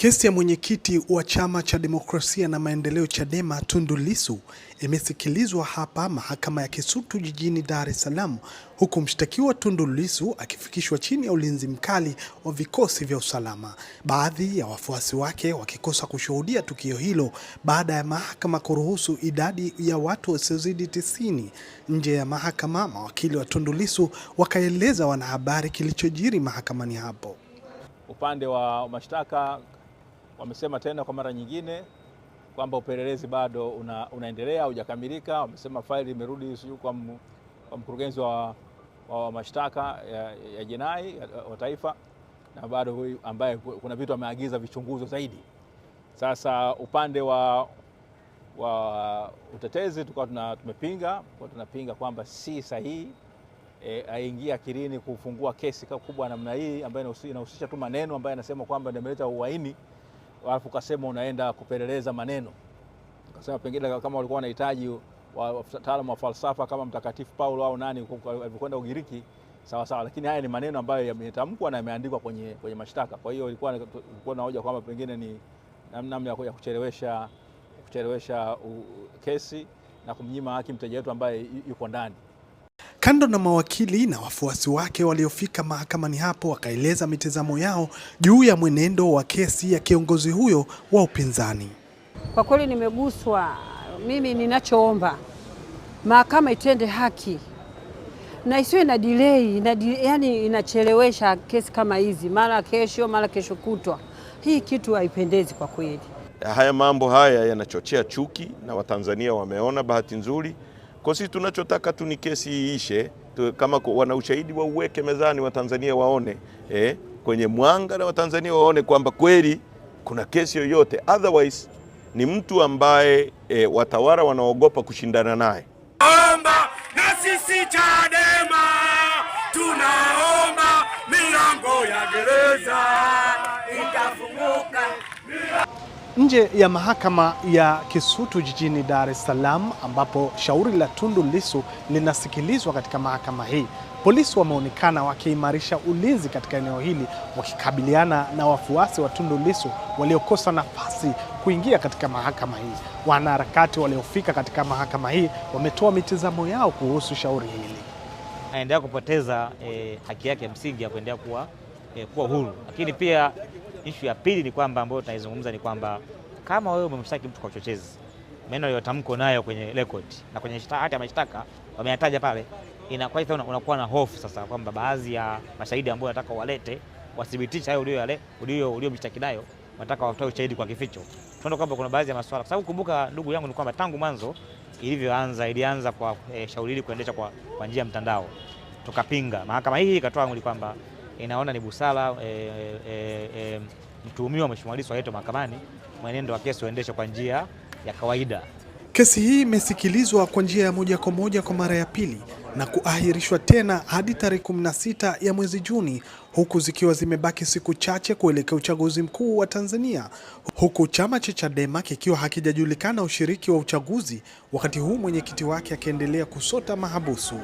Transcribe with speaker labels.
Speaker 1: Kesi ya mwenyekiti wa chama cha demokrasia na maendeleo Chadema Tundu Lissu imesikilizwa hapa mahakama ya Kisutu jijini Dar es Salaam, huku mshtakiwa Tundu Lissu akifikishwa chini ya ulinzi mkali wa vikosi vya usalama, baadhi ya wafuasi wake wakikosa kushuhudia tukio hilo baada ya mahakama kuruhusu idadi ya watu wasiozidi tisini nje ya mahakama. Mawakili wa Tundu Lissu wakaeleza wanahabari kilichojiri mahakamani hapo.
Speaker 2: Upande wa mashtaka Wamesema tena kwa mara nyingine kwamba upelelezi bado una, unaendelea haujakamilika. Wamesema faili imerudi sijui kwa, kwa mkurugenzi wa, wa mashtaka ya, ya jinai wa taifa na bado huyu ambaye kuna vitu ameagiza vichunguzo zaidi. Sasa upande wa, wa utetezi tulikuwa tumepinga kwa tunapinga kwamba si sahihi e, aingia akilini kufungua kesi kubwa namna hii ambayo inahusisha tu maneno ambayo anasema kwamba ndio ameleta uhaini alafu ukasema unaenda kupeleleza maneno, ukasema pengine kama walikuwa wanahitaji wataalamu wa falsafa kama Mtakatifu Paulo au nani alivyokwenda Ugiriki, sawa sawa, lakini haya ni maneno ambayo yametamkwa na yameandikwa kwenye, kwenye mashtaka. Kwa hiyo ilikuwa na hoja kwamba pengine ni namna ya kuchelewesha kuchelewesha kesi na kumnyima haki mteja wetu ambaye yuko ndani.
Speaker 1: Kando na mawakili na wafuasi wake waliofika mahakamani hapo wakaeleza mitazamo yao juu ya mwenendo wa kesi ya kiongozi huyo wa upinzani.
Speaker 3: Kwa kweli nimeguswa. Mimi ninachoomba mahakama itende haki na isiwe na delay na di, yani inachelewesha kesi kama hizi mara kesho mara kesho kutwa. Hii kitu haipendezi kwa kweli.
Speaker 4: Haya mambo haya yanachochea chuki na Watanzania wameona bahati nzuri kwa sisi tunachotaka tu ni kesi iishe kama wana ushahidi wa uweke mezani, Watanzania waone eh, kwenye mwanga na Watanzania waone kwamba kweli kuna kesi yoyote, otherwise ni mtu ambaye eh, watawala wanaogopa kushindana naye. Omba na sisi Chadema tunaomba
Speaker 1: milango ya gereza itafunguka. Nje ya mahakama ya Kisutu jijini Dar es Salaam ambapo shauri la Tundu Lissu linasikilizwa katika mahakama hii, polisi wameonekana wakiimarisha ulinzi katika eneo hili, wakikabiliana na wafuasi wa Tundu Lissu waliokosa nafasi kuingia katika mahakama hii. Wanaharakati waliofika katika mahakama hii wametoa mitazamo yao kuhusu shauri hili.
Speaker 5: Aendelea kupoteza eh, haki yake ya msingi ya kuendelea kuwa, eh, kuwa huru, lakini pia Ishu ya pili ni kwamba ambayo tunaizungumza ni kwamba kama wewe umemshtaki mtu kwa uchochezi, maneno aliyotamko nayo kwenye record na kwenye hati ya mashtaka wameyataja pale, inakuwa sasa unakuwa na hofu sasa kwamba baadhi ya mashahidi ambao unataka walete wathibitisha hayo ulio ulio uliomshtaki nayo nataka watoe ushahidi kwa kificho. Tunaona kwamba kuna baadhi ya masuala, kwa sababu kumbuka, ndugu yangu, ni kwamba tangu mwanzo ilivyoanza ilianza kwa e, shauri hili kuendesha kwa, kwa njia ya mtandao, tukapinga. Mahakama hii ikatoa amri kwamba inaona ni busara e, eh, e, eh, e, eh, mtuhumiwa Mheshimiwa Lissu aletwe mahakamani, mwenendo wa kesi uendeshwe kwa njia ya kawaida.
Speaker 1: Kesi hii imesikilizwa kwa njia ya moja kwa moja kwa mara ya pili na kuahirishwa tena hadi tarehe 16 ya mwezi Juni, huku zikiwa zimebaki siku chache kuelekea uchaguzi mkuu wa Tanzania, huku chama cha Chadema kikiwa hakijajulikana ushiriki wa uchaguzi, wakati huu mwenyekiti wake akiendelea kusota mahabusu.